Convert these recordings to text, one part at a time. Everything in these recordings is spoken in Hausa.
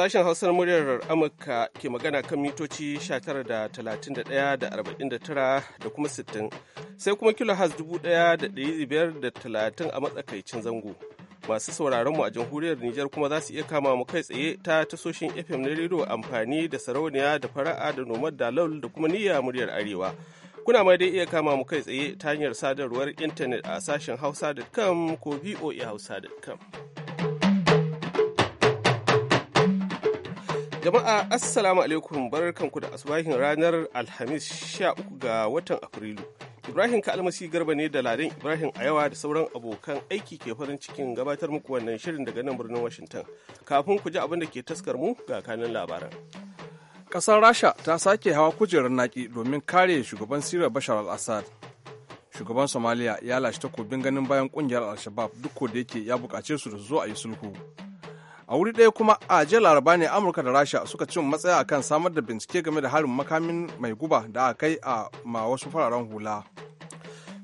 Sashen Hausar muryar Amurka ke magana kan mitoci 19 da 31 da 49 da kuma 60 sai kuma kilohaz 1,530 a matsakaicin zango. Masu sauraron mu a jamhuriyar Nijar kuma za su iya kama mu kai tsaye ta tasoshin FM na rediyo amfani da sarauniya da fara'a da nomad da laul da kuma niyya muryar Arewa. Kuna ma dai iya kama mu kai tsaye ta hanyar sadarwar intanet a sashen hausa.com ko voahausa.com. Jama'a Assalamu alaikum barkanku da asubahin ranar Alhamis 13 ga watan Afrilu. Ibrahim Kalmasi Garba ne da Ladan Ibrahim a yawa da sauran abokan aiki ke farin cikin gabatar muku wannan shirin daga nan birnin Washington. Kafin ku ji abin da ke taskar mu ga kanin labaran. Ƙasar Rasha ta sake hawa kujerar naki domin kare shugaban Siriya Bashar al-Assad. Shugaban Somalia ya lashe takobin ganin bayan kungiyar al shabab duk da yake ya bukace su da su zo a yi sulhu. a wuri ɗaya kuma a jiya laraba ne amurka da rasha suka cin matsaya akan samar da bincike game da harin makamin mai guba da aka kai a ma wasu fararen hula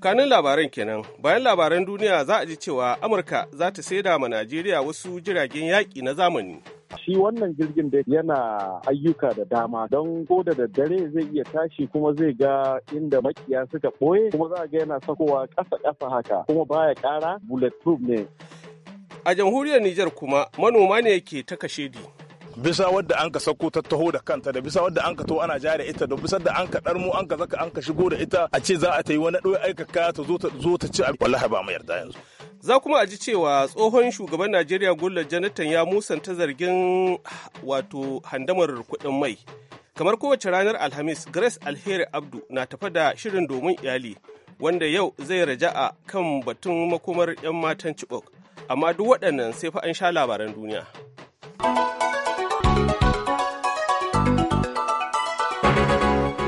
kanin labaran kenan bayan labaran duniya za a ji cewa amurka za ta saida ma najeriya wasu jiragen yaƙi na zamani shi wannan jirgin da yana ayyuka da dama don ko da daddare zai iya tashi kuma zai ga inda makiya suka ɓoye kuma za a ga yana sakowa ƙasa ƙasa haka kuma baya ƙara bulletproof ne A jamhuriyar Nijar kuma manoma ne ke ta kashe di. bisa wadda an ka sauko ta taho da kanta da bisa wadda an ka to ana da ita da bisa da an ka darmo an ka zaka an ka shigo da ita a ce za a ta yi wani ɗoyi aikaka kaya ta zo ta zo ta ci wallahi ba mu yarda yanzu za kuma a ji cewa tsohon shugaban Najeriya Gulla Jonathan ya musanta zargin wato handamar kuɗin mai kamar kowace ranar Alhamis Grace Alheri Abdu na tafa da shirin domin iyali wanda yau zai raja'a kan batun makomar 'yan matan Chibok amma duk waɗannan sai fa an sha labaran duniya.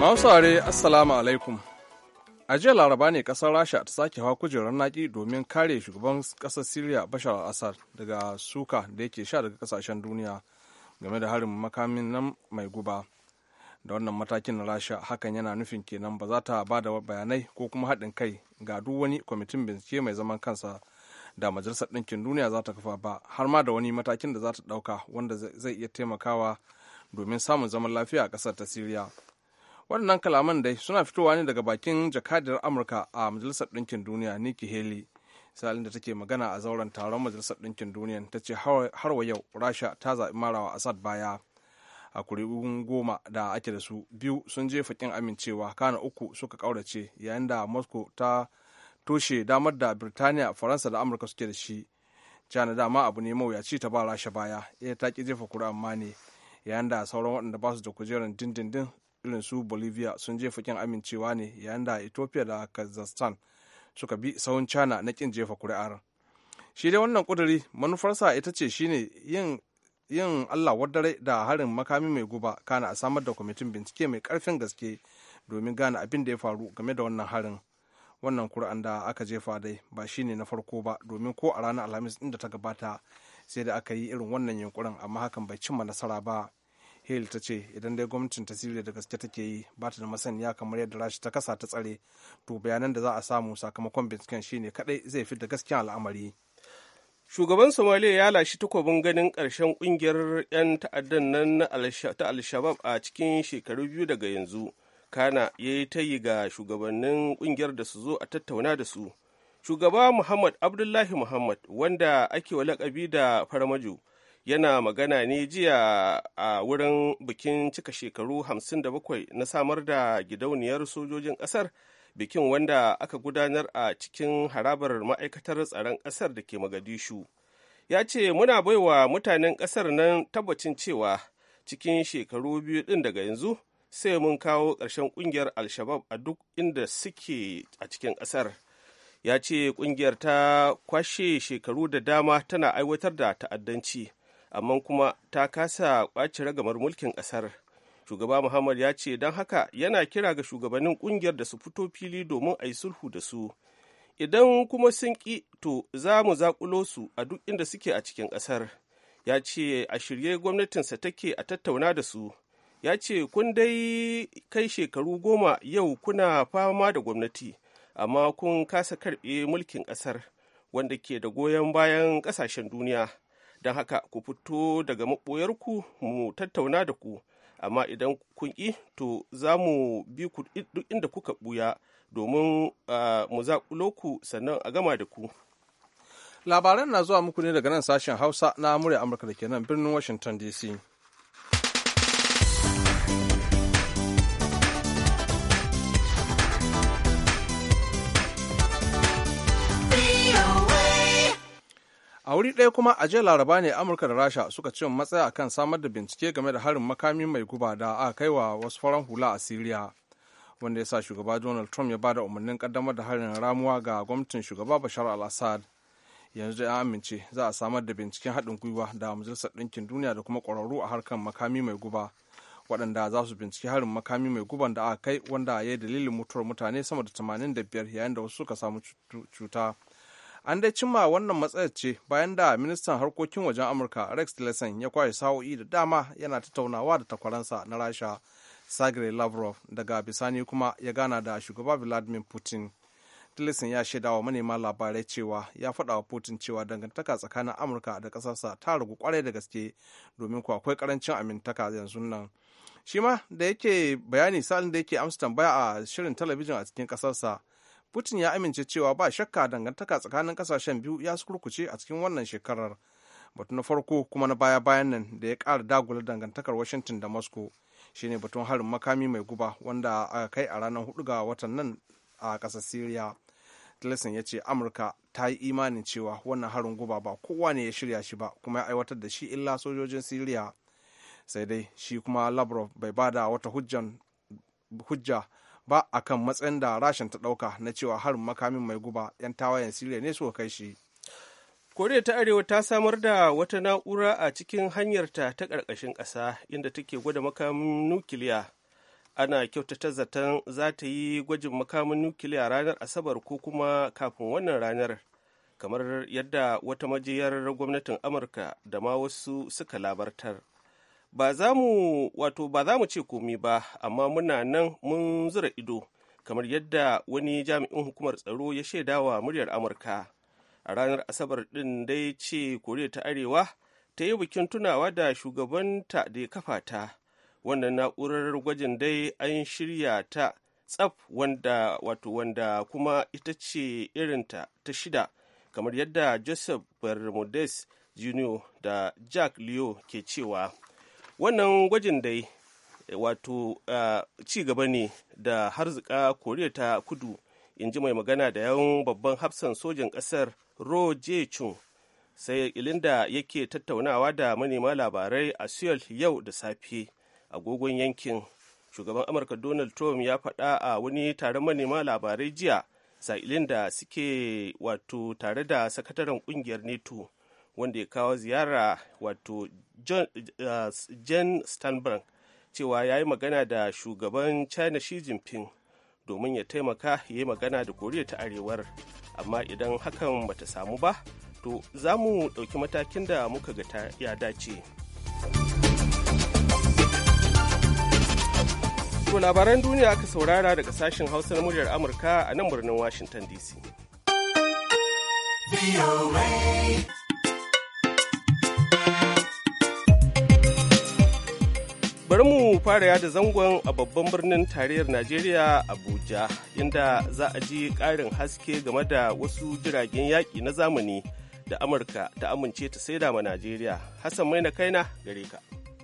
Mausare Assalamu alaikum. A jiya laraba ne ƙasar Rasha ta sake hawa kujerar naki domin kare shugaban kasar Siriya Bashar al-Assad daga suka da yake sha daga ƙasashen duniya game da harin makamin nan mai guba. Da wannan matakin na Rasha hakan yana nufin kenan ba za ta ba da bayanai ko kuma haɗin kai ga duk wani kwamitin bincike mai zaman kansa da majalisar ɗinkin duniya za ta kafa ba har ma da wani matakin da za ta ɗauka wanda zai iya taimakawa domin samun zaman lafiya a ƙasar ta siriya waɗannan kalaman dai suna fitowa ne daga bakin jakadiyar amurka a majalisar ɗinkin duniya niki heli salin da take magana a zauren taron majalisar ɗinkin duniya ta ce har wa yau rasha ta zaɓi marawa asad baya a kuri'un goma da ake da su biyu sun je fakin amincewa kana uku suka ƙaurace yayin da moscow ta toshe damar da birtaniya faransa da amurka suke da shi china dama abu ne mawuyaci ta ba rasha baya ya ta ki jefa kuri amma ne yayin da sauran waɗanda ba su da kujerar dindindin irin su bolivia sun jefa kin amincewa ne yayin da ethiopia da kazakhstan suka bi sahun china na kin jefa kuri'ar shi dai wannan ƙuduri manufarsa ita ce shine yin yin allah wadare da harin makami mai guba kana a samar da kwamitin bincike mai karfin gaske domin gane abin da ya faru game da wannan harin wannan kur'an da aka jefa dai ba shi ne na farko ba domin ko a ranar alhamis din da ta gabata sai da aka yi irin wannan yunkurin amma hakan bai cimma nasara ba hill ta ce idan dai gwamnatin ta siriya da gaske take yi ba ta da masaniya kamar yadda rashi ta kasa ta tsare to bayanan da za a samu sakamakon binciken shine kadai zai fi da gaskiyar al'amari shugaban somaliya ya lashe takobin ganin karshen kungiyar 'yan ta'addan nan ta al-shabab a cikin shekaru biyu daga yanzu kana ya yi tayi ga shugabannin kungiyar da su zo a tattauna da su shugaba muhammad abdullahi muhammad wanda ake wa lakabi da farmaju yana magana ne jiya a wurin bikin cika shekaru 57 na samar da gidauniyar sojojin kasar bikin wanda aka gudanar a cikin harabar ma'aikatar tsaron kasar da ke magadishu ya ce muna baiwa mutanen kasar nan tabbacin cewa cikin shekaru biyu din daga yanzu sai mun kawo ƙarshen ƙungiyar alshabab a duk inda suke a cikin ƙasar ya ce ƙungiyar ta kwashe shekaru da dama tana aiwatar da ta'addanci amma kuma ta kasa ƙwace ragamar mulkin ƙasar shugaba muhammad ya ce don haka yana kira ga shugabannin ƙungiyar da su fito fili domin a yi sulhu da su idan kuma sun ƙi to za mu zaƙulo su a duk inda suke a cikin ƙasar ya ce a shirye gwamnatinsa take a tattauna da su ya ce kun dai kai shekaru goma yau kuna fama da gwamnati amma kun kasa karɓe mulkin ƙasar wanda ke da goyon bayan ƙasashen duniya don haka ku fito daga maɓoyarku mu tattauna da ku amma idan kun ƙi to za mu bi ku duk inda kuka buya domin mu zaƙulo ku sannan a gama da ku labaran na zuwa muku ne daga nan sashen hausa na murya amurka da ke nan birnin washington dc a wuri ɗaya kuma a jiya laraba ne amurka da rasha suka ce matsaya kan samar da bincike game da harin makami mai guba da aka kai wa wasu faran hula a siriya wanda ya sa shugaba donald trump ya ba da umarnin kaddamar da harin ramuwa ga gwamnatin shugaba bashar al-assad yanzu ya amince za a samar da binciken haɗin gwiwa da majalisar ɗinkin duniya da kuma ƙwararru a harkar makami mai guba waɗanda za su binciki harin makami mai guban da aka kai wanda ya yi dalilin mutuwar mutane sama da 85 yayin da wasu suka samu cuta an dai cimma wannan matsayar ce bayan da ministan harkokin wajen amurka rex tillerson ya kwashe sa'o'i da dama yana tattaunawa da takwaransa na rasha sergey lavrov daga bisani kuma ya gana da shugaba vladimir putin tillerson ya shaida wa manema labarai cewa ya faɗa wa putin cewa dangantaka tsakanin amurka da ƙasarsa ta ragu kwarai da gaske domin kuwa akwai karancin amintaka yanzu nan shi ma da yake bayani salin da yake amsa tambaya a shirin talabijin a cikin ƙasarsa putin ya amince cewa ba shakka dangantaka tsakanin kasashen biyu ya su kurkuce a cikin wannan shekarar batu na farko kuma na baya bayan nan da ya kara dagula dangantakar washington da moscow shine batun harin makami mai guba wanda aka kai a ranar hudu ga watan nan a kasar syria tillerson ya ce amurka ta yi imanin cewa wannan harin guba ba kowa ne ya shirya shi ba kuma ya aiwatar da shi illa sojojin syria sai dai shi kuma lavrov bai bada wata hujja ba a kan matsayin da rashin ta ɗauka na cewa harin makamin mai guba 'yan tawayen siriya ne suka kai shi koriya ta arewa ta samar da wata na'ura a cikin hanyarta ta ƙarƙashin ƙasa inda take gwada makamin nukiliya ana kyautata zaton za ta yi gwajin makamin nukiliya ranar asabar ko kuma kafin wannan ranar kamar yadda wata majiyar gwamnatin amurka da ma wasu suka labartar ba za mu wato ba za mu ce komi ba amma muna nan mun zura ido kamar yadda wani jami'in hukumar tsaro ya shaidawa muryar amurka a ranar asabar din dai ce koriya ta arewa ta yi bikin tunawa da shugabanta da ya kafa ta wannan na'urar gwajin dai an shirya ta tsaf wanda wato wanda kuma ita ce irinta ta shida kamar yadda joseph bermudez jr da jack leo ke cewa wannan gwajin dai wato ci gaba ne da harzika koriya ta kudu in ji mai magana da yawon babban hafsan sojin ƙasar ro chung sai ilinda yake tattaunawa da manema labarai a seoul yau da safe agogon yankin shugaban amurka donald trump ya faɗa a wani taron manema labarai jiya sa'ilin da suke wato tare da sakataren kungiyar neto wanda ya kawo ziyara wato Uh, jen steinbrand cewa ya yi magana da shugaban china xi jinping domin ya taimaka ya yi magana da koriya ta arewar amma idan hakan bata samu ba to za mu ɗauki matakin da muka ga ta ya dace to labaran duniya aka saurara daga sashen hausa na muryar amurka a nan birnin washington dc bari mu fara yada zangon a babban birnin tarayyar najeriya abuja inda za a ji ƙarin haske game da wasu jiragen yaƙi na zamani da amurka ta amince ta saida ma najeriya hassan mai na kaina gare ka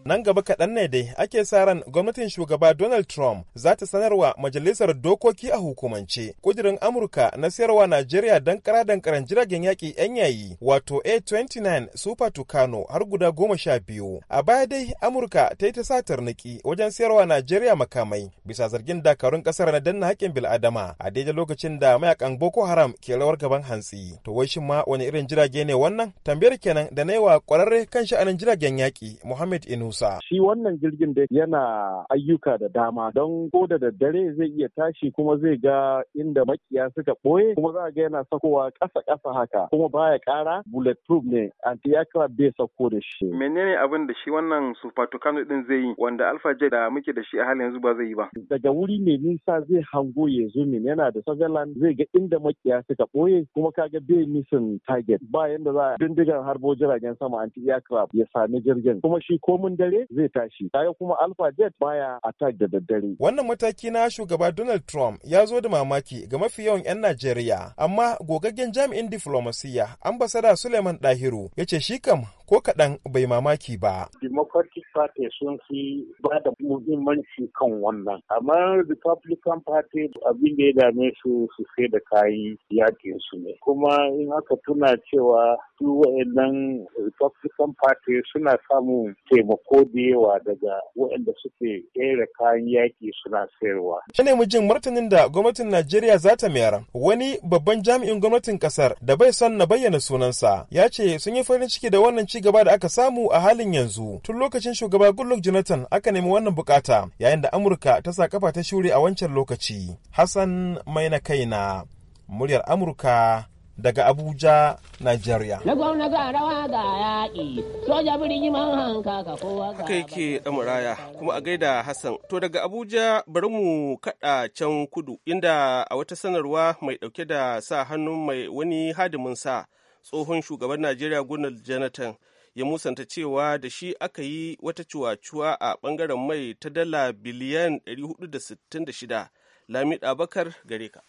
Nan gaba kaɗan ne dai ake sa ran gwamnatin shugaba Donald Trump za ta sanarwa majalisar dokoki a hukumance kudirin Amurka na sayarwa Najeriya don dankaran jiragen yaƙi 'yan yayi wato A29 Super Tucano har guda goma sha biyu. A baya dai Amurka ta yi ta sa tarniki wajen sayarwa Najeriya makamai bisa zargin dakarun ƙasar na danna haƙƙin bil'adama a daidai lokacin da mayakan Boko Haram ke rawar gaban hantsi. To wai shin ma wani irin jirage ne wannan? Tambayar kenan da na yi wa ƙwararre kan sha'anin jiragen yaƙi Muhammad Inu Musa. Shi wannan jirgin da yana ayyuka da dama don ko da daddare zai iya tashi kuma zai ga inda makiya suka ɓoye kuma za ga yana sakowa ƙasa ƙasa haka kuma baya ƙara bulletproof ne anti aircraft bai sako da shi. Menene abin da shi wannan Super Tucano din zai yi wanda Alpha Jet da muke da shi a halin yanzu ba zai yi ba. Daga wuri mai nisa zai hango ya zo min, yana da Sutherland zai ga inda makiya suka ɓoye kuma kaga bai misin target ba yanda za a dindigan harbo jiragen sama anti aircraft ya sami jirgin kuma shi komin dare zai tashi kaya kuma alpha jet baya attack da daddare wannan mataki na shugaba donald trump ya zo da mamaki ga mafi yawan 'yan najeriya amma gogaggen jami'in diflomasiyya ambasada suleiman dahiru ya ce shi kam ko kaɗan bai mamaki ba. Democratic Party sun fi ba da muhimmanci kan wannan. Amma Republican Party abin da ya dame su su sai da kayi yakin su ne. Kuma in aka tuna cewa su wa'annan Republican Party suna samun taimako da yawa daga wa'anda suke kera kayan yaki suna sayarwa. Shi ne mu jin martanin da gwamnatin Najeriya za ta mayar. Wani babban jami'in gwamnatin ƙasar da bai son na bayyana sunansa ya ce sun yi farin ciki da wannan ci gaba da aka samu a halin yanzu tun lokacin shugaba goodluck jonathan aka nemi wannan bukata yayin da amurka ta sa kafa ta shure a wancan lokaci hassan mai na kaina muryar amurka daga Abuja, Nigeria. kowa Haka yake ɗamuraya, kuma a gaida Hassan. To daga Abuja bari mu kaɗa can kudu, inda a wata sanarwa mai ɗauke da sa hannun mai wani hadimin sa tsohon shugaban najeriya gunal jonathan ya musanta cewa da shi aka yi wata cuwacuwa a bangaren mai ta dala biliyan 466 lamida bakar gare ka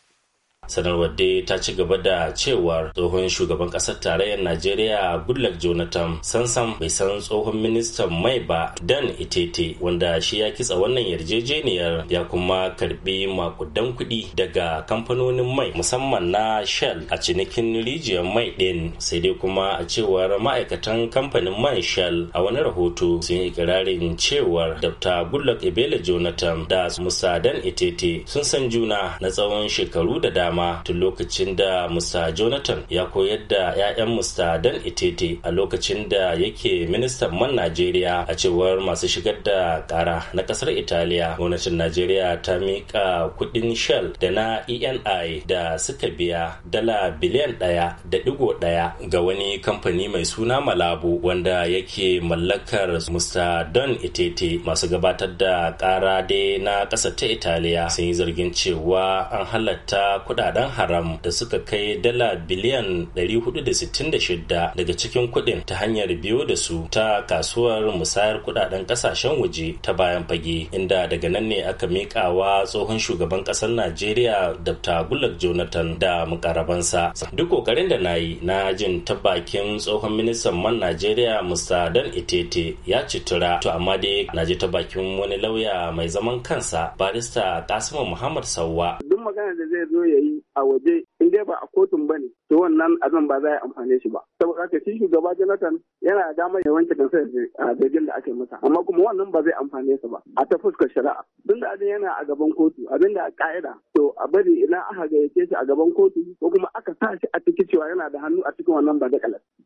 sanarwar dai ta ci gaba da cewar tsohon shugaban ƙasar tarayyar najeriya goodluck jonathan sansan bai san tsohon ministan mai ba dan itete wanda shi ya kitsa wannan yarjejeniyar ya kuma karbi makudan kuɗi daga kamfanonin mai musamman na shell a cinikin rijiyar mai ɗin sai dai kuma a cewar ma'aikatan kamfanin mai shell a wani rahoto sun yi kirarin cewar dr goodluck ebele jonathan da musa dan itete sun san juna na tsawon shekaru da dama dama tun lokacin da Musa Jonathan ya koyar da 'ya'yan Musa Dan Itete a lokacin da yake ministan man Najeriya a cewar masu shigar da kara na kasar Italiya. Gwamnatin Najeriya ta miƙa kuɗin Shell da na ENI da suka biya dala biliyan ɗaya da ɗigo ɗaya ga wani kamfani mai suna Malabu wanda yake mallakar Musa Don Itete masu gabatar da kara dai na ƙasa ta Italiya sun yi zargin cewa an halatta kuɗa kudaden haram da suka kai dala biliyan 466 daga cikin kuɗin ta hanyar biyo da su ta kasuwar musayar kuɗaɗen ƙasashen waje ta bayan fage inda daga nan ne aka miƙawa tsohon shugaban ƙasar najeriya dr gullak jonathan da mukarabansa duk kokarin da na yi na jin ta bakin tsohon ministan man najeriya mr dan itete ya citura to amma dai na ji ta bakin wani lauya mai zaman kansa barista kasimu muhammad sauwa duk magana da zai zo ya yi a waje in dai ba a kotun ba ne to wannan abin ba za a amfani shi ba saboda haka shi shugaba Jonathan yana da damar ya wanke kansa a jirgin da ake masa amma kuma wannan ba zai amfane sa ba a ta fuskar shari'a tun da abin yana a gaban kotu abin da a ka'ida to a bari idan aka gayyace shi a gaban kotu ko kuma aka sa shi a ciki cewa yana da hannu a cikin wannan ba da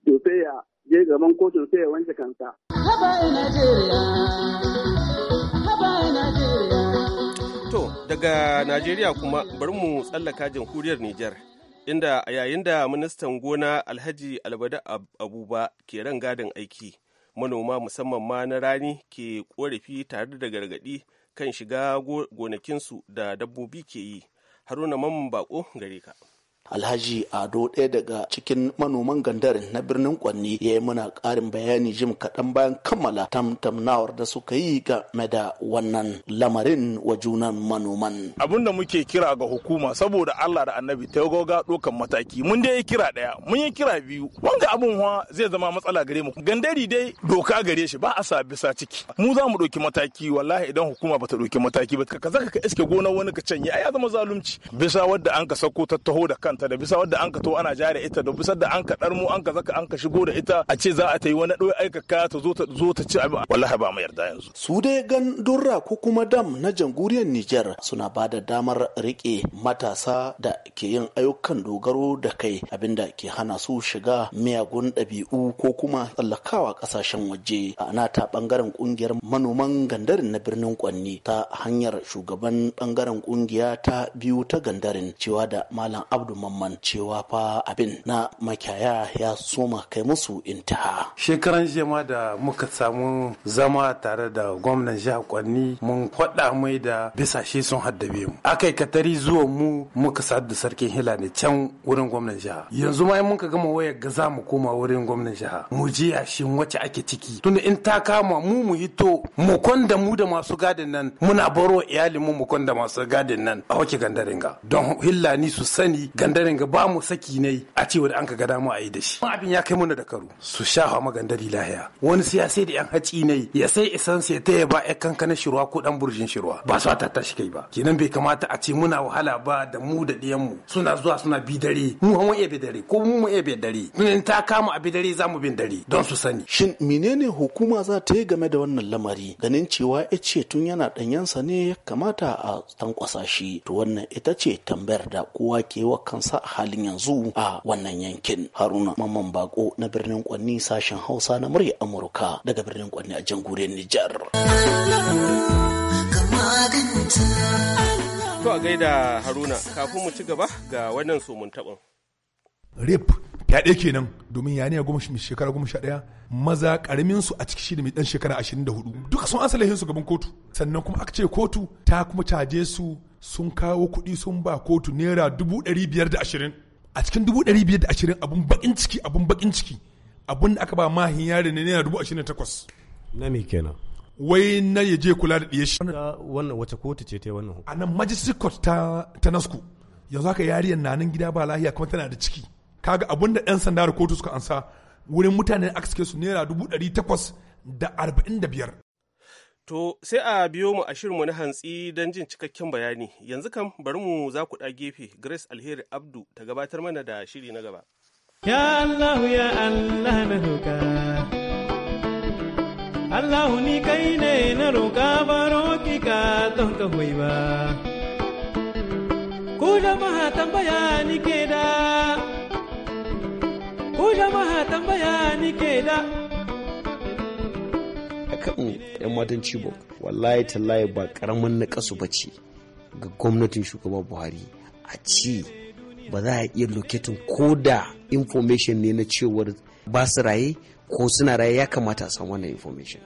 to sai ya je gaban kotun sai ya wanke kansa. Haba Najeriya, haba To, daga Najeriya kuma bari mu tsallaka jamhuriyar Nijar, inda a yayin da ministan gona Alhaji Albada Abuba ke ran gadin aiki, manoma musamman ma na rani ke korafi tare da gargaɗi kan shiga gonakinsu da dabbobi ke yi. Haruna Mamman Bako gare ka. alhaji ado ɗaya daga cikin manoman gandarin na birnin kwanni ya yi muna ƙarin bayani jim kaɗan bayan kammala tamtamnawar da suka yi game da wannan lamarin wa junan manoman abin da muke kira ga hukuma saboda allah da annabi ta goga ɗaukan mataki mun dai kira ɗaya mun yi kira biyu wanga abin zai zama matsala gare mu gandari dai doka gare shi ba a sa bisa ciki mu za mu ɗauki mataki wallahi idan hukuma bata ɗauki mataki ba ka zaka ka iske gonar wani ka canye a ya zama zalunci bisa wadda an ka sako ta taho da kan kanta da bisa wadda an ka to ana jare ita da bisa da an ka dar an ka zaka an ka shigo da ita a ce za a ta yi wani ɗoyi aika kaya ta zo ta zo ta ci abin wallahi ba mu yarda yanzu su dai durra ko kuma dam na jamhuriyar Nijar suna ba da damar rike matasa da ke yin ayyukan dogaro da kai abinda ke hana su shiga miyagun ɗabi'u ko kuma tsallakawa ƙasashen waje a nata ɓangaren ƙungiyar manoman gandarin na birnin Kwanni ta hanyar shugaban ɓangaren ƙungiya ta biyu ta gandarin cewa da Malam Abdu mamman cewa fa abin na makiyaya ya soma kai musu intaha. Shekaran jema da muka samu zama tare da gwamnan jihar Kwanni mun faɗa mai da bisashe sun haddabe mu. Akai katari zuwa mu muka sadu da sarkin Hila ne can wurin gwamnan jiha. Yanzu ma mun ka gama wayar ga za mu koma wurin gwamnan jiha. Mu je yashin wacce ake ciki. Tunda in ta kama mu mu hito mu kwanda mu da masu gadin nan muna baro iyalin mu mu kwanda masu gadin nan a gandarin gandaringa. Don hila ni su sani gandar gandaren ga ba mu saki ne a cewa da an ka gada mu a yi da shi abin ya kai mana da karu su shafa magandari lahiya wani siyasai da yan haci ne ya sai isan sai ta ba ya kankana shirwa ko dan burjin shirwa ba su ta tashi kai ba kenan bai kamata a ce muna wahala ba da mu da diyan mu suna zuwa suna bi dare mu hawan iya bi dare ko mu mu iya bi dare in ta kama a bi dare za mu bin dare don su sani shin menene hukuma za ta yi game da wannan lamari ganin cewa ya ce tun yana ɗanyensa ne ya kamata a tankwasa shi to wannan ita ce tambayar da kowa ke wa kansa a halin yanzu a wannan yankin haruna mamman bako na birnin kwanni sashen hausa na murya amurka daga birnin kwanni a jamhuriyar nijar To a gaida haruna kafin mu ci gaba ga wannan somun taɓin. Rip ɗaya kenan domin ya ne a goma shekara goma sha ɗaya maza ƙaramin su a ciki shi da mai ɗan shekara ashirin da hudu duka sun asalahin su gaban kotu sannan kuma aka ce kotu ta kuma caje su sun kawo kuɗi sun ba kotu naira dubu ɗari biyar da ashirin a cikin dubu ɗari biyar da ashirin abun baƙin ciki abun baƙin ciki abun da aka ba mahin yari ne naira dubu ashirin da takwas na me kenan wai na ya je kula da ɗiye shi wannan wace kotu ce ta wannan a nan magistrate court ta ta nasku yanzu haka yariyar na nan gida ba lahiya kuma tana da ciki kaga abun da ɗan sanda da kotu suka ansa wurin mutane aka suke su naira dubu ɗari takwas da arba'in da biyar To sai a biyo mu a shirinmu na hantsi don jin cikakken bayani. Yanzu kam bari mu za ku ɗa gefe Grace Alheri Abdu ta gabatar mana da shiri na gaba. Ya Allah ya Allah na roƙa. Allah ni kai ne na roƙa ba ki ka don ka hoyi ba. Ku jama'a tambaya ni ke da. Ku jama'a tambaya ni ke da. kan yan matan Chibok wallahi tallahi ba karamin na kasu ce ga gwamnatin shugaban Buhari a ci ba za a iya loketin ko da information ne na cewar ba su raye ko suna raye ya kamata a san wannan information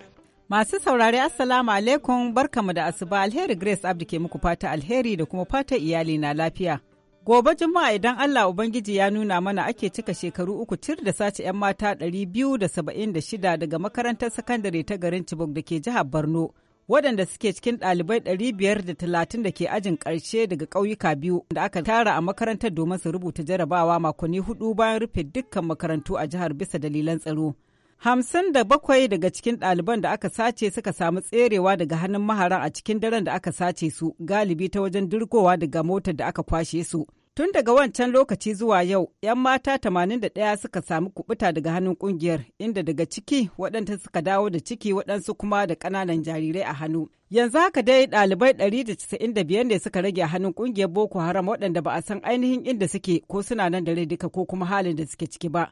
Masu saurari Assalamu alaikum barkamu da asuba alheri Grace Abdi ke muku fata alheri da kuma fata iyali na lafiya. Gobe Juma'a idan Allah Ubangiji ya nuna mana ake cika shekaru uku tir da sace 'yan mata 276 daga makarantar sakandare ta garin Chibok da ke jihar Borno, waɗanda suke cikin ɗalibai 530 da ke ajin ƙarshe daga ƙauyuka biyu da aka tara a makarantar domin su rubuta jarabawa makonni hudu bayan rufe dukkan makarantu a jihar bisa dalilan tsaro. Hamsin da bakwai daga cikin ɗaliban da aka sace suka samu tserewa daga hannun maharan a cikin daren da aka sace su galibi ta wajen dirkowa daga motar da aka kwashe su. Tun daga wancan lokaci zuwa yau, 'yan mata 81 suka samu kubuta daga hannun kungiyar, inda daga ciki waɗanta suka dawo da ciki waɗansu kuma da ƙananan jarirai a hannu. Yanzu haka dai ɗalibai 195 ne suka rage a hannun kungiyar Boko Haram waɗanda ba a san ainihin inda suke ko suna nan da rai duka ko kuma halin da suke ciki ba.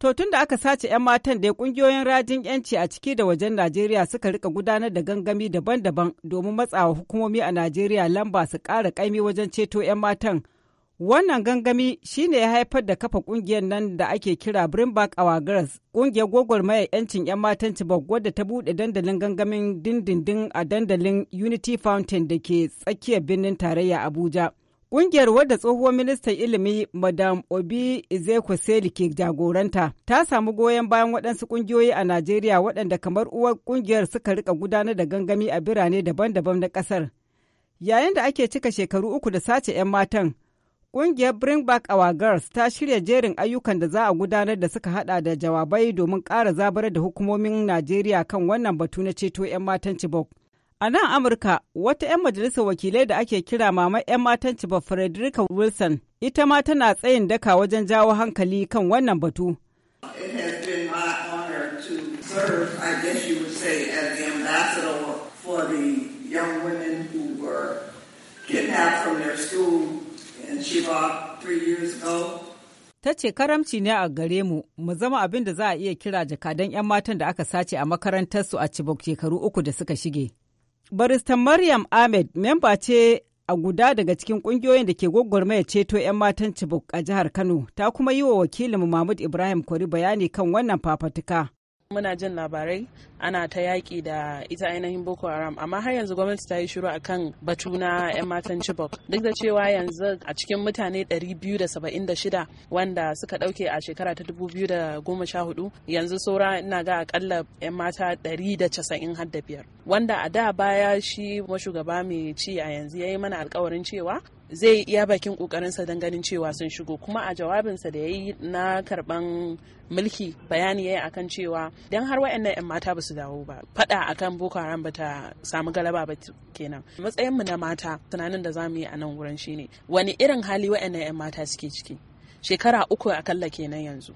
To tun da aka sace 'yan matan da kungiyoyin rajin 'yanci a ciki da wajen Najeriya suka rika gudanar da gangami daban-daban domin matsawa hukumomi a Najeriya lamba su ƙara kaimi wajen ceto 'yan matan. Wannan gangami shi ne ya haifar da kafa kungiyar nan da ake kira Bring Back Our Girls, kungiyar gwagwarmayar 'yancin 'yan matan Chibok wadda ta buɗe dandalin gangamin dindindin a dandalin Unity Fountain da ke tsakiyar birnin tarayya Abuja. Ƙungiyar wadda tsohuwar ministan ilimi Madam Obi Ezekwesili ke jagoranta ta samu goyon bayan waɗansu ƙungiyoyi a Najeriya waɗanda kamar uwar ƙungiyar suka rika gudanar da gangami a birane daban-daban na ƙasar. Yayin da ake cika shekaru uku da sace 'yan matan, ƙungiyar Bring Back Our Girls ta shirya jerin ayyukan da za a gudanar da suka haɗa da jawabai domin ƙara zabar da hukumomin Najeriya kan wannan batu na ceto 'yan matan Chibok. A nan Amurka, wata 'yan majalisar wakilai da ake kira mama 'yan matan ciba Frederica Wilson, ita ma tana tsayin daka wajen jawo hankali kan wannan batu. Ta ce karamci ne a gare mu, mu zama abin da za a iya kira jakadan 'yan matan da aka sace a makarantarsu a cibok shekaru uku da suka shige. Barista Maryam Ahmed memba ce a guda daga cikin kungiyoyin da ke gwagwarmaya ceto 'yan matan cibuk a jihar Kano ta kuma yi wa Wakilin Mahmud Ibrahim kori bayani kan wannan fafatuka. muna jin labarai ana ta yaƙi da ita ainihin boko haram amma har yanzu gwamnati ta yi shiru akan batu na 'yan matan chibok duk da cewa yanzu a cikin mutane 276 wanda suka ɗauke a shekara ta 2014 yanzu saura ina ga akalla 'yan mata 190 har da biyar wanda a da baya shi shugaba mai ci a yanzu ya yi mana alkawarin cewa zai iya bakin kokarinsa don ganin cewa sun shigo kuma a jawabinsa da ya yi na karban mulki bayani ya yi akan cewa don har waɗannan 'yan mata ba su dawo ba faɗa akan boko haram ba ta samu galaba ba kenan matsayin mu na mata tunanin da za mu yi a nan wurin shine wani irin hali waɗannan 'yan mata suke ciki shekara uku akalla kenan yanzu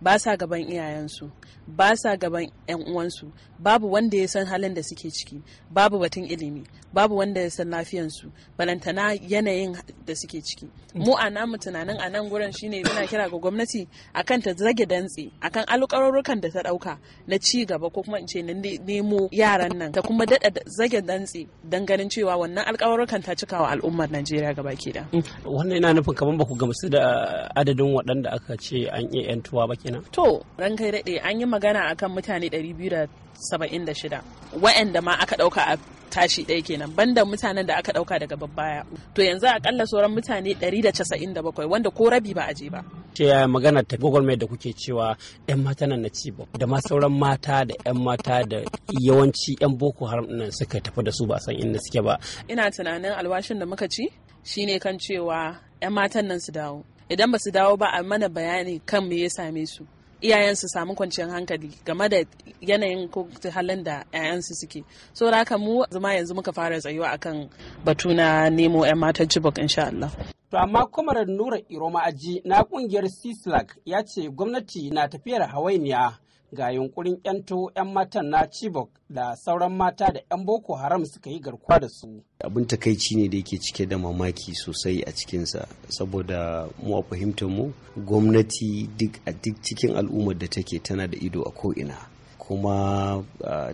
ba sa gaban iyayensu ba sa gaban 'yan uwansu babu wanda ya san halin da suke ciki babu batun ilimi babu wanda ya san lafiyansu balantana yanayin da suke ciki mu a namu tunanin a nan gurin shine muna kira ga gwamnati akan ta zage dantse akan alƙarurrukan da ta ɗauka na ci gaba ko kuma in ce na nemo yaran nan ta kuma daɗa zage dantse dan ganin cewa wannan alƙarurrukan ta cikawa al'ummar Najeriya gaba ke da. Wannan yana nufin kamar ba ku gamsu da adadin waɗanda aka ce an iya tuwa ba ke kenan to ran kai daɗe an yi magana akan mutane 276 waɗanda ma aka ɗauka a tashi ɗaya kenan banda mutanen da aka ɗauka daga babbaya to yanzu akalla sauran mutane 197 wanda ko rabi ba a je ba ce ya magana ta mai da kuke cewa 'yan mata nan na ba da ma sauran mata da 'yan mata da yawanci 'yan boko haram nan suka tafi da su ba san inda suke ba ina tunanin alwashin da muka ci shine kan cewa 'yan matan nan su dawo idan ba su dawo ba a mana bayani kan me ya same su iyayen su samu kwanciyar hankali game da yanayin ko halin da 'ya'yansu suke so haka mu zama yanzu muka fara tsayuwa akan batu na nemo 'yan matan chibok insha Allah To amma kwamarar Nura Iroma Aji na kungiyar sislak ya ce gwamnati na tafiyar hawainiya ga yunkurin 'yanto 'yan matan na Chibok da sauran mata da 'yan Boko Haram suka yi garkuwa da su. Abin takaici ne da yake cike da mamaki sosai a cikinsa saboda mu a fahimtar mu gwamnati duk a duk cikin al'ummar da take tana da ido a ko'ina. kuma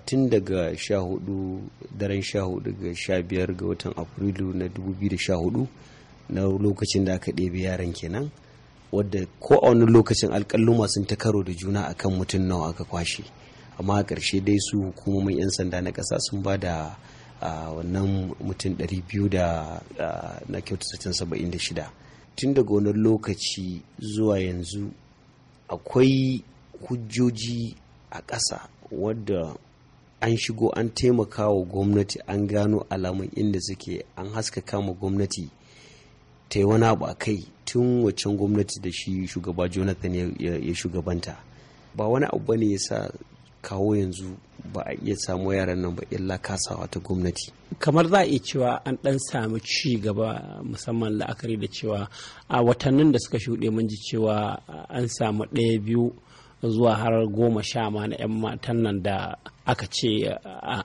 tun daga sha hudu daren sha hudu ga sha biyar ga watan afrilu na 2014 na lokacin da aka ɗebe yaran kenan wadda ko a wani lokacin alƙalluma sun ta karo da juna a kan mutum nawa aka kwashe amma a ƙarshe dai su hukumomin 'yan sanda na ƙasa sun ba da wannan mutum 200 da na kyautata 76 tun daga wani lokaci zuwa yanzu akwai hujjoji a ƙasa wadda an shigo an taimaka wa gwamnati an gano alamun inda suke an haska kama gwamnati ta yi wani abu a kai tun waccan gwamnati da shi shugaba jonathan ya shugabanta ba wani abu ne ya sa kawo yanzu ba a iya samu yaran nan ba illa kasawa ta gwamnati kamar za a iya cewa an dan sami ci gaba musamman la'akari da cewa a watannin da suka shuɗe mun ji cewa an samu ɗaya biyu zuwa har goma sha ma na 'yan matan nan da aka ce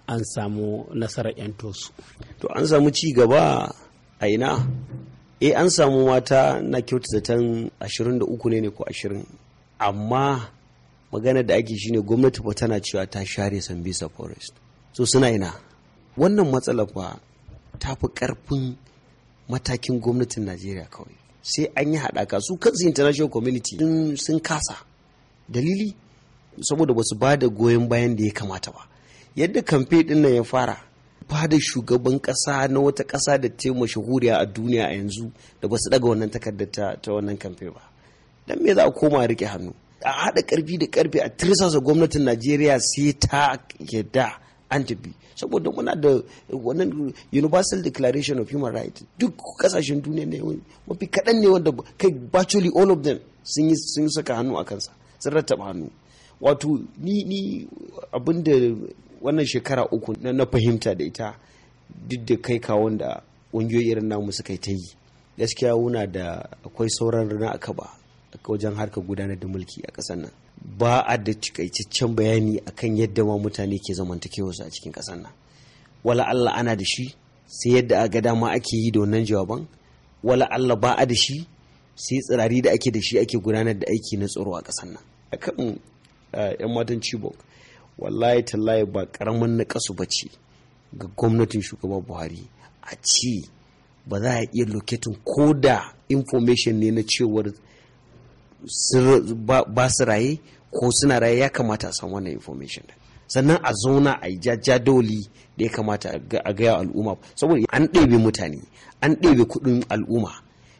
an samu nasarar 'yan tosu to an samu ci gaba a ina eh an samu mata na kyauta zaton 23 ne ko 20 amma magana da ake shine gwamnati ba tana cewa ta share sambisa forest so suna ina wannan matsala ba ta fi karfin matakin gwamnatin najeriya kawai sai an yi haɗaka su kansu international community sun kasa dalili saboda ba su ba da goyon bayan da ya kamata ba yadda kamfe ɗin nan ya fara fada shugaban kasa na wata kasa da ta mashahuriya a duniya a yanzu da ba su daga wannan takardar ta, ta wannan kamfe ba dan me za a koma a rike hannu a haɗa karfi da karfe a tirsasa gwamnatin najeriya sai ta yadda an tafi saboda muna da wannan universal declaration of human rights duk kasashen duniya ne mafi kaɗan ne wanda kai virtually all of them sun yi saka hannu a kansa sun rattaba hannu wato ni ni da. wannan shekara uku na fahimta da ita duk da kai kawon da ƙungiyoyi irin namu suka ta yi gaskiya wuna da akwai sauran rana aka ba wajen harka gudanar da mulki a ƙasar nan ba a da cikakken bayani akan yadda ma mutane ke zamantakewarsu a cikin ƙasar nan wala Allah ana da shi sai yadda a ga dama ake yi da wannan jawaban wala Allah ba a da shi sai tsirari da ake da shi ake gudanar da aiki na tsoro a ƙasar nan akan eh, yan matan Chibok wallahi tallahi ba karamin na kasu ba ce ga gwamnatin shugaba buhari a ci ba za a iya loketin ko da information ne na cewar ba su raye ko suna raye ya kamata a san wannan information sannan a zauna a yi jajadoli da ya kamata a gaya al'umma saboda an ɗebe mutane an ɗebe kuɗin al'umma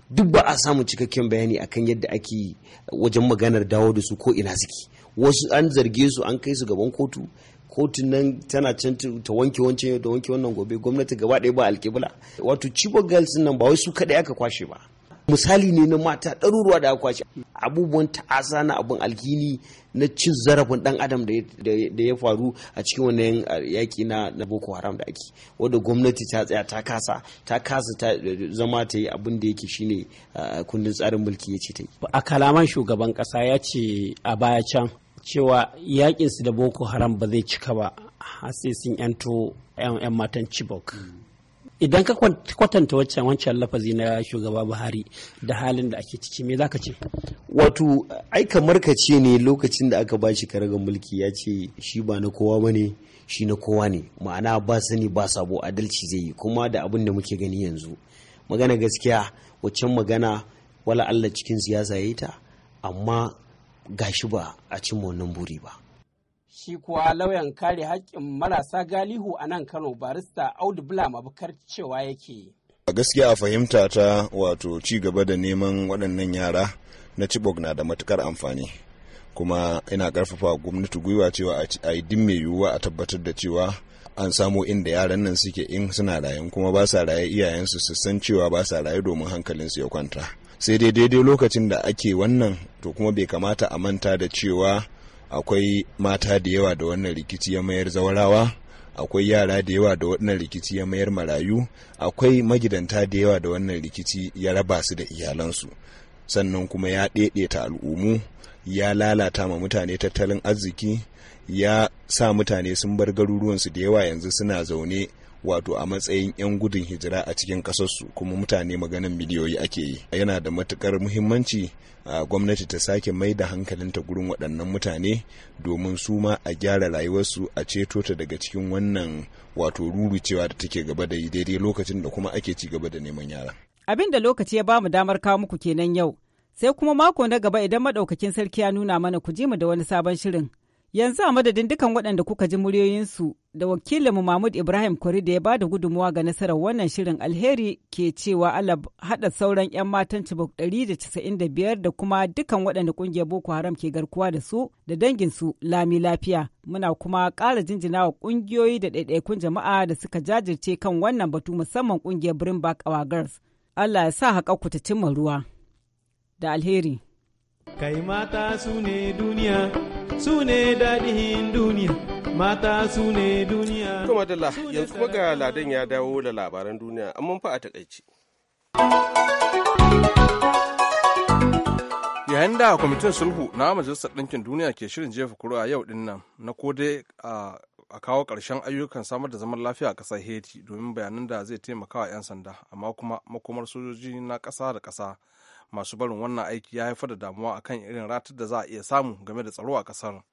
duk ba a samun cikakken bayani akan yadda ake wajen maganar dawo da su ko ina suke wasu an zarge su an kai su gaban kotu kotun nan tana can ta wanke wancan da wanke wannan gobe gwamnati gaba ɗaya ba alƙibla wato chibok girls nan ba wai su kaɗai aka kwashe ba misali ne na mata ɗaruruwa da aka abubuwan ta'asa na abin alhini na cin zarafin ɗan adam da ya faru a cikin wannan yaki na boko haram da ake wadda gwamnati ta tsaya ta kasa ta kasa ta zama ta yi abin da yake shine kundin tsarin mulki ya ce ta yi a kalaman shugaban kasa ya ce a baya can cewa yaƙinsu da boko haram ba zai cika ba har sai sun yanto 'yan matan chibok idan ka kwatanta waccan wancan lafazi na shugaba buhari da halin da ake ciki me zaka ce wato ai kamar ka ce ne lokacin da aka bashi karagar mulki ya ce shi ba na kowa ba ne shi na kowa ne ma'ana ba sani ba sabo adalci zai yi kuma da abin da muke gani yanzu magana gaskiya waccan magana wala Allah cikin siyasa ya yi ta amma gashi ba a cimma wannan buri ba shi kuwa lauyan kare haƙƙin marasa galihu a nan kano barista audu bula mabukar cewa yake a gaskiya a fahimta ta wato ci gaba da neman waɗannan yara na cibok na da matukar amfani kuma ina ƙarfafa gwamnati gwiwa cewa a yi dimme yiwuwa a tabbatar da cewa an samo inda yaran nan suke in suna raye kuma ba sa raye iyayensu su san cewa ba sa raye domin hankalinsu ya kwanta sai dai daidai lokacin da ake wannan to kuma bai kamata a manta da cewa akwai mata da yawa da wannan rikici ya mayar zawarawa akwai yara da yawa da wannan rikici ya mayar marayu akwai magidanta da yawa da wannan rikici ya raba su da iyalansu sannan kuma ya ɗaiɗaita al'umu ya lalata ma mutane tattalin arziki ya sa mutane sun bar garuruwansu da yawa yanzu suna zaune wato a matsayin 'yan gudun hijira a cikin kasarsu kuma mutane maganan miliyoyi ake yi yana da matukar muhimmanci a gwamnati ta sake mai da hankalinta gurin waɗannan mutane domin su ma a gyara rayuwarsu a ceto ta daga cikin wannan wato rurucewa da take gaba da daidai lokacin da kuma ake ci gaba da neman yara abin da lokaci ya bamu damar kawo muku kenan yau sai kuma mako na gaba idan madaukakin sarki ya nuna mana ku ji mu da wani sabon shirin Yanzu a madadin dukan waɗanda kuka ji muryoyinsu da wakilinmu Mahmud Ibrahim Kwari da ya ba da gudunmawa ga nasarar wannan shirin alheri ke cewa Allah haɗa sauran 'yan matan Chibok 195 da kuma dukan waɗanda ƙungiyar Boko Haram ke garkuwa da su da danginsu lami lafiya. Muna kuma ƙara jinjina wa ƙungiyoyi da ɗaiɗaikun jama'a da suka jajirce kan wannan batu musamman ƙungiyar Brimbak Our Girls. Allah ya sa haƙa ku ta cimma ruwa. Da alheri. Kai mata su ne duniya. su ne daɗin duniya mata su ne duniya kuma madalla yanzu kuma ga ladan ya dawo da labaran duniya amma fa a takaici yayin da kwamitin sulhu na majalisar ɗinkin duniya ke shirin jefa kuruwa yau din nan na ko dai a kawo ƙarshen ayyukan samar da zaman lafiya a ƙasar haiti domin bayanan da zai taimaka wa 'yan sanda amma kuma makomar sojoji na ƙasa da kasa. masu barin wannan aiki ya haifar da damuwa akan irin ratar da za a iya samu game da tsaro a kasar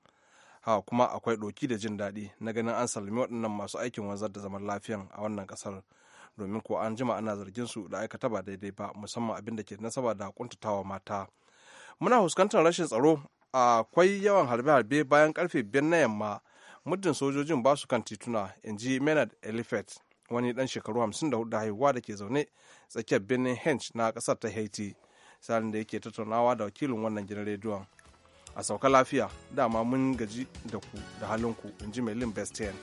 haka kuma akwai ɗoki da jin daɗi na ganin an salmi waɗannan masu aikin wanzar da zaman lafiyan a wannan kasar domin ko an jima ana zargin su da aikata ba daidai ba musamman abin da ke nasaba da kuntatawa mata muna fuskantar rashin tsaro akwai yawan harbe-harbe bayan karfe biyar na yamma muddin sojojin ba su kan tituna in ji menard elifet wani dan shekaru 54 da haihuwa da ke zaune tsakiyar birnin hench na kasar ta haiti salin da yake tattaunawa da wakilin wannan gidan rediyon a sauka lafiya dama mun gaji da ku da halinku in ji mai best bestian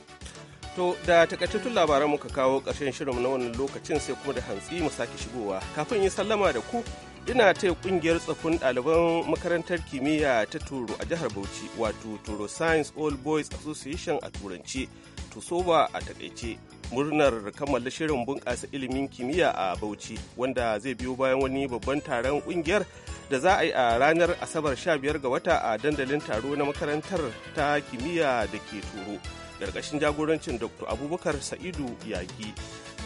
to da takaitattun labaran muka kawo karshen shirin na wannan lokacin sai kuma da hantsi mu sake shigowa kafin yi sallama da ku ina taya kungiyar tsakun ɗaliban makarantar kimiyya ta turo a jihar bauchi wato turo science all boys association a turanci tusoba a takaice murnar kammala shirin bunƙasa ilimin kimiyya a Bauchi wanda zai biyo bayan wani babban taron ƙungiyar da za a yi a ranar Asabar 15 ga wata a dandalin taro na makarantar ta kimiyya da ke Turo. Gargashin jagorancin Dr. Abubakar Sa'idu Yaki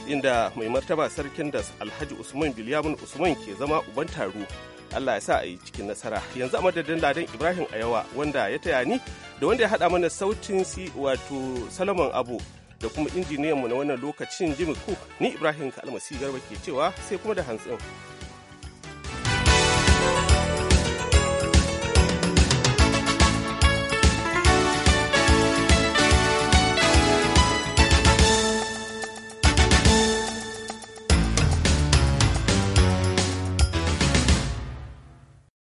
inda mai martaba sarkin da Alhaji Usman Bilyamin Usman ke zama uban taro. Allah ya sa a yi cikin nasara yanzu a madadin ladan Ibrahim Ayawa wanda ya taya ni da wanda ya haɗa mana sautin si wato Salomon Abu da kuma injiniyanmu na wannan lokacin Jimmy Cook ni Ibrahim Kalmasi Garba ke cewa sai kuma da hantsin.